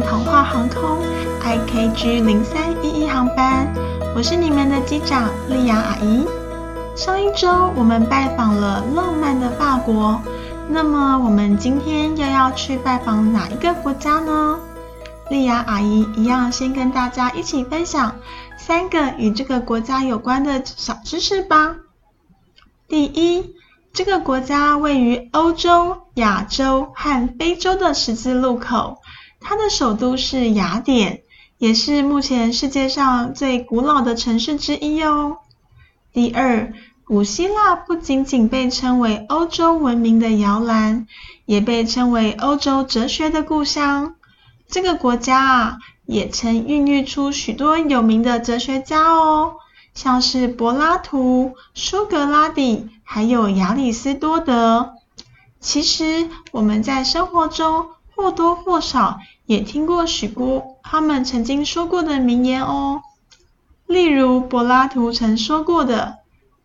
童話航空，IKG 零三一一航班，我是你們的機長麗雅阿姨。上一周我們拜訪了浪漫的法國，那麼我們今天又要去拜訪哪一個國家呢？麗雅阿姨一樣先跟大家一起分享三個與這個國家有關的小知識吧。第一，這個國家位於歐洲、亞洲和非洲的十字路口。它的首都是雅典，也是目前世界上最古老的城市之一哦。第二，古希臘不僅僅被稱為歐洲文明的搖籃，也被稱為歐洲哲學的故鄉。這個國家啊，也曾孕育出許多有名的哲學家哦，像是柏拉圖、蘇格拉底，還有亞里斯多德。其實我們在生活中，或多或少也聽過許多他們曾經說過的名言哦，例如柏拉圖曾說過的：“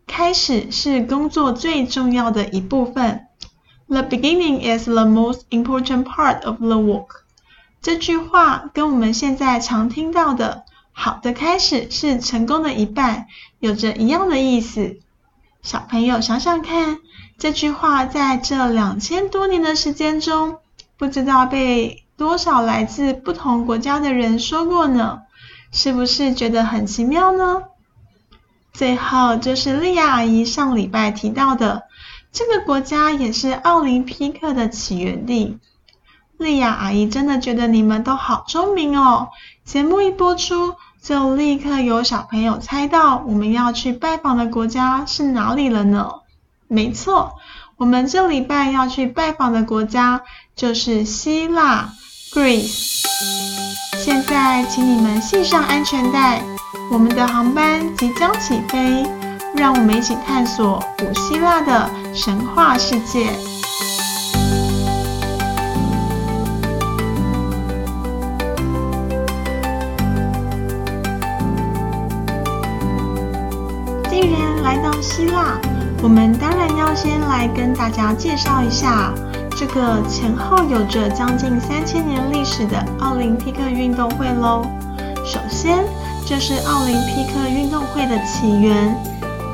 開始是工作最重要的一部分。” The beginning is the most important part of the work。這句話跟我們現在常聽到的“好的開始是成功的一半”有着一樣的意思。小朋友想想看，這句話在這兩千多年的時間中。不知道被多少來自不同國家的人說過呢？是不是覺得很奇妙呢？最後就是莉亞阿姨上禮拜提到的，這個國家也是奧林匹克的起源地。莉亞阿姨真的覺得你們都好聰明哦！節目一播出，就立刻有小朋友猜到我們要去拜訪的國家是哪裡了呢？沒錯，我們這禮拜要去拜訪的國家。就是希臘，Greece。現在，請你們繫上安全帶，我們的航班即將起飛。讓我們一起探索古希臘的神話世界。既然來到希臘，我們當然要先來跟大家介紹一下。這個前後有着將近三千年歷史的奧林匹克運動會嘍。首先，這是奧林匹克運動會的起源。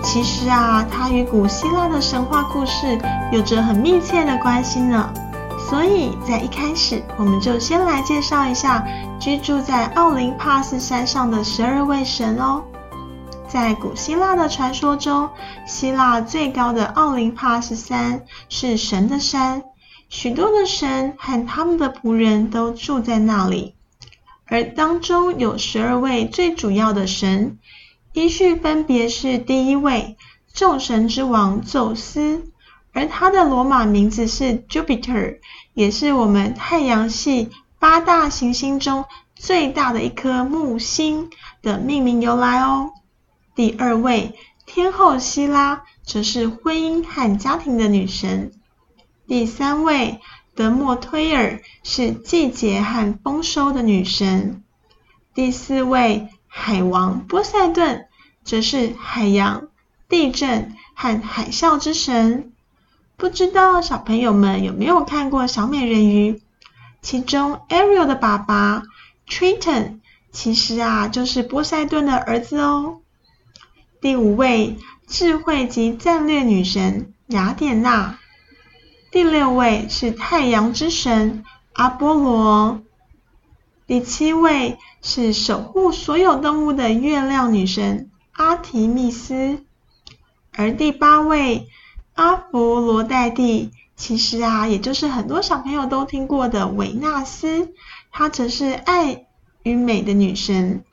其實啊，它與古希臘的神話故事有着很密切的關係呢。所以在一開始，我們就先來介紹一下居住在奧林帕斯山上的十二位神哦。在古希臘的傳說中，希臘最高的奧林帕斯山是神的山。許多的神和他們的僕人都住在那裡，而當中有十二位最主要的神，依序分別是第一位眾神之王宙斯，而他的羅馬名字是 Jupiter，也是我們太陽系八大行星中最大的一顆木星的命名由來哦。第二位天後希拉，則是婚姻和家庭的女神。第三位，德墨忒爾是季節和豐收的女神。第四位，海王波塞頓則是海洋、地震和海嘯之神。不知道小朋友們有沒有看過《小美人魚》，其中 Ariel 的爸爸 Triton 其實啊就是波塞頓的兒子哦。第五位，智慧及戰略女神雅典娜。第六位是太陽之神阿波羅，第七位是守護所有動物的月亮女神阿提密斯，而第八位阿佛羅代蒂，其實啊，也就是很多小朋友都聽過的維納斯，她曾是愛與美的女神。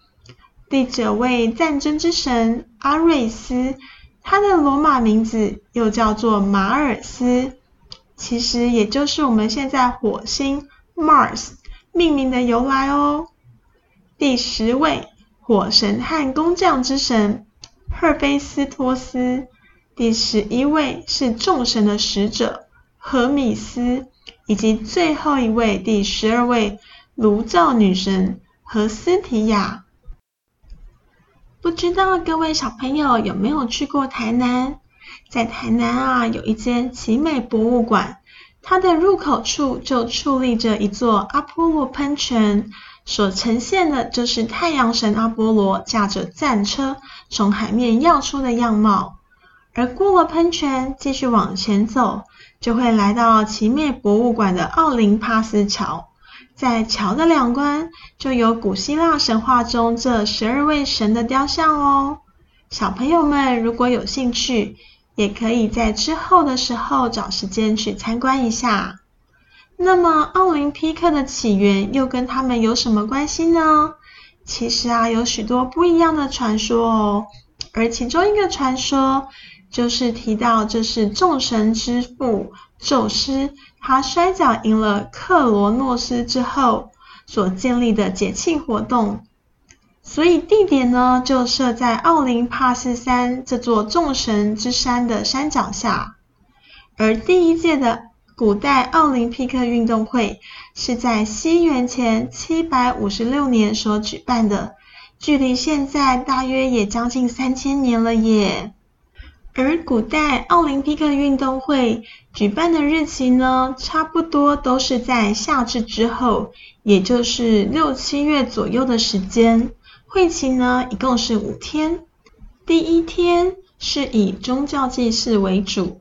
第九位戰爭之神阿瑞斯，他的羅馬名字又叫做馬爾斯。其實也就是我們現在火星 Mars 命名的由來哦。第十位，火神和工匠之神赫菲斯托斯。第十一位是眾神的使者荷米斯，以及最後一位第十二位爐灶女神赫斯提亞。不知道各位小朋友有沒有去過台南？在台南啊，有一間奇美博物館，它的入口處就矗立着一座阿波羅噴泉，所呈現的就是太陽神阿波羅駕着戰車從海面躍出的樣貌。而過了噴泉，繼續往前走，就會來到奇美博物館的奧林帕斯橋，在橋的兩端就有古希臘神話中這十二位神的雕像哦。小朋友們如果有興趣，也可以在之後的時候找時間去參觀一下。那麼，奧林匹克的起源又跟他們有什麼關係呢？其實啊，有許多不一樣的傳說哦。而其中一個傳說，就是提到這是眾神之父宙斯，他摔跤贏了克羅諾斯之後所建立的節慶活動。所以地點呢，就設在奧林帕斯山這座眾神之山的山腳下。而第一屆的古代奧林匹克運動會是在西元前七百五十六年所舉辦的，距離現在大約也將近三千年了耶。而古代奧林匹克運動會舉辦的日期呢，差不多都是在夏至之後，也就是六七月左右的時間。會期呢，一共是五天。第一天是以宗教祭祀為主，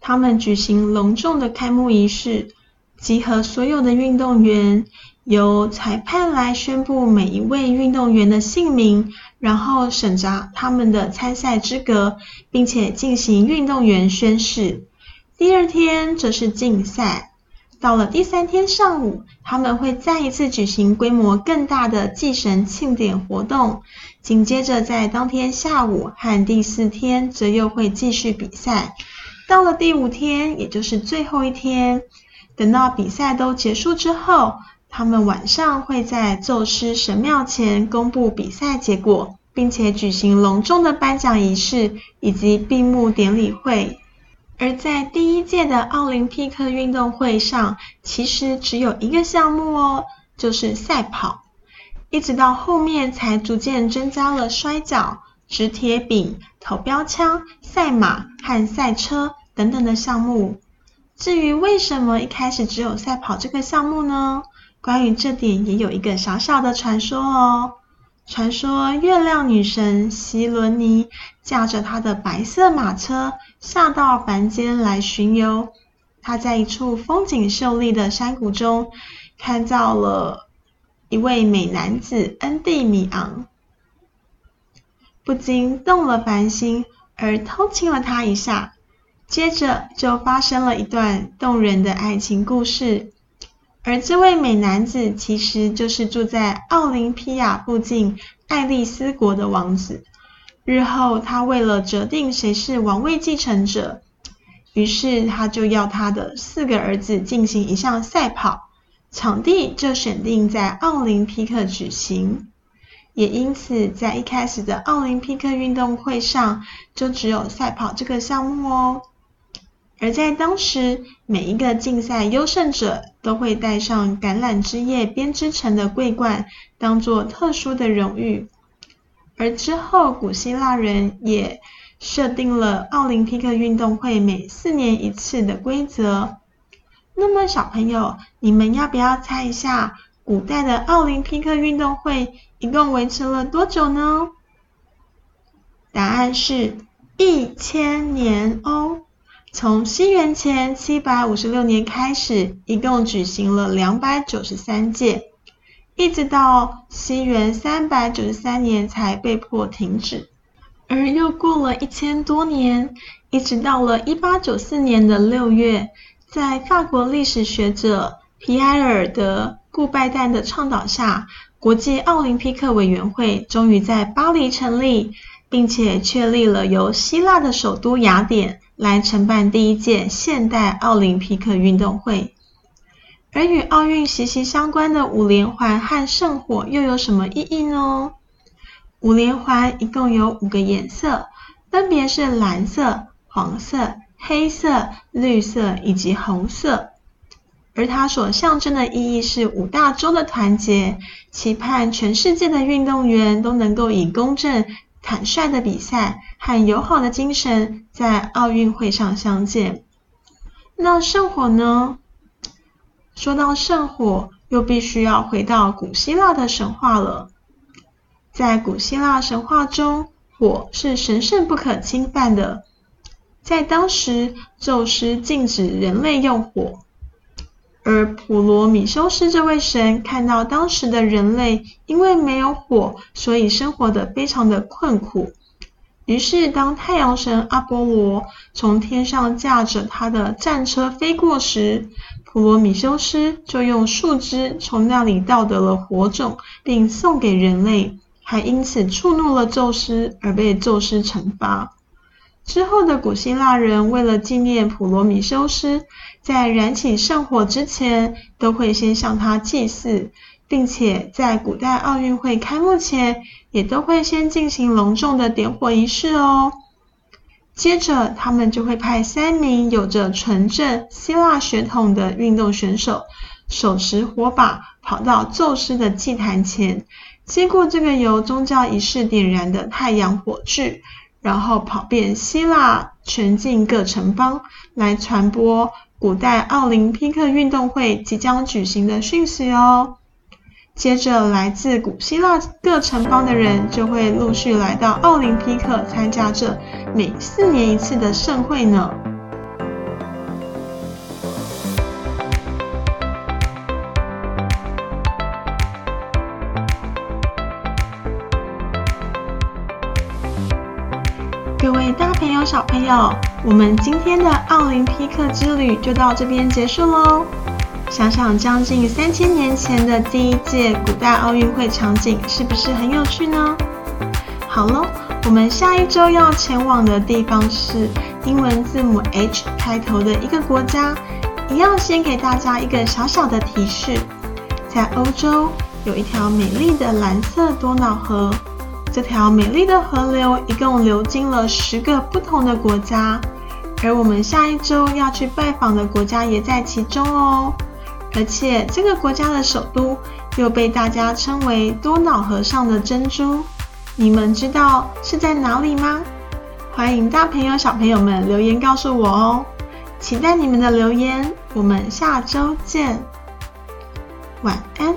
他們舉行隆重的開幕儀式，集合所有的運動員，由裁判來宣布每一位運動員的姓名，然後審查他們的參賽資格，並且進行運動員宣誓。第二天則是競賽。到了第三天上午，他們會再一次舉行規模更大的祭神慶典活動。緊接着，在當天下午和第四天，則又會繼續比賽。到了第五天，也就是最後一天，等到比賽都結束之後，他們晚上會在宙斯神廟前公布比賽結果，並且舉行隆重的頒獎儀式以及閉幕典禮會。而在第一屆的奧林匹克運動會上，其實只有一個項目哦，就是賽跑。一直到後面才逐漸增加了摔跤、擲鐵餅、投標槍、賽馬和賽車等等的項目。至於為什麼一開始只有賽跑這個項目呢？關於這點也有一個小小的傳說哦。傳說月亮女神席倫尼駕着她的白色馬車下到凡間來巡遊。她在一處風景秀麗的山谷中看到了一位美男子恩蒂米昂，不禁動了凡心，而偷親了他一下。接着就發生了一段動人的愛情故事。而這位美男子其實就是住在奧林匹亞附近愛麗絲國的王子。日後他為了決定誰是王位繼承者，於是他就要他的四個兒子進行一項賽跑，場地就選定在奧林匹克舉行。也因此，在一開始的奧林匹克運動會上，就只有賽跑這個項目哦。而在當時，每一個競賽優勝者都會戴上橄欖枝葉編織成的桂冠，當作特殊的榮譽。而之後，古希臘人也設定了奧林匹克運動會每四年一次的規則。那麼，小朋友，你們要不要猜一下，古代的奧林匹克運動會一共維持了多久呢？答案是一千年哦。從西元前七百五十六年開始，一共舉行了兩百九十三屆，一直到西元三百九十三年才被迫停止。而又過了一千多年，一直到了一八九四年的六月，在法國歷史學者皮埃爾德顧拜旦的倡導下，國際奧林匹克委員會終於在巴黎成立，並且確立了由希臘的首都雅典。來承辦第一屆現代奧林匹克運動會，而與奧運息息相關的五連環和聖火又有什麼意義呢？五連環一共有五個顏色，分別是藍色、黃色、黑色、綠色以及紅色。而它所象徵的意義是五大洲的團結，期盼全世界的運動員都能夠以公正。坦率的比賽和友好的精神在奧運會上相見。那聖火呢？說到聖火，又必須要回到古希臘的神話了。在古希臘神話中，火是神聖不可侵犯的。在當時，宙斯禁止人類用火。而普羅米修斯這位神看到當時的人類因為沒有火，所以生活得非常的困苦。於是，當太陽神阿波羅從天上駕着他的戰車飛過時，普羅米修斯就用樹枝從那裡盜得了火種，並送給人類，還因此觸怒了宙斯，而被宙斯懲罰。之後的古希臘人為了紀念普羅米修斯。在燃起聖火之前，都會先向他祭祀，並且在古代奧運會開幕前，也都會先進行隆重的點火儀式哦。接着，他們就會派三名有着純正希臘血統的運動選手，手持火把跑到宙斯的祭壇前，接過這個由宗教儀式點燃的太陽火炬，然後跑遍希臘。全境各城邦來傳播古代奧林匹克運動會即將舉行的訊息哦。接着，來自古希臘各城邦的人就會陸續來到奧林匹克參加這每四年一次的盛會呢。各位大朋友、小朋友，我們今天的奧林匹克之旅就到這邊結束嘍。想想將近三千年前的第一屆古代奧運會場景，是不是很有趣呢？好了，我們下一周要前往的地方是英文字母 H 開頭的一個國家。一樣先給大家一個小小的提示，在歐洲有一條美麗的藍色多瑙河。這條美麗的河流一共流經了十個不同的國家，而我們下一周要去拜訪的國家也在其中哦。而且這個國家的首都又被大家稱為“多瑙河上的珍珠”，你們知道是在哪裡嗎？歡迎大朋友小朋友們留言告訴我哦，期待你們的留言。我們下周見，晚安。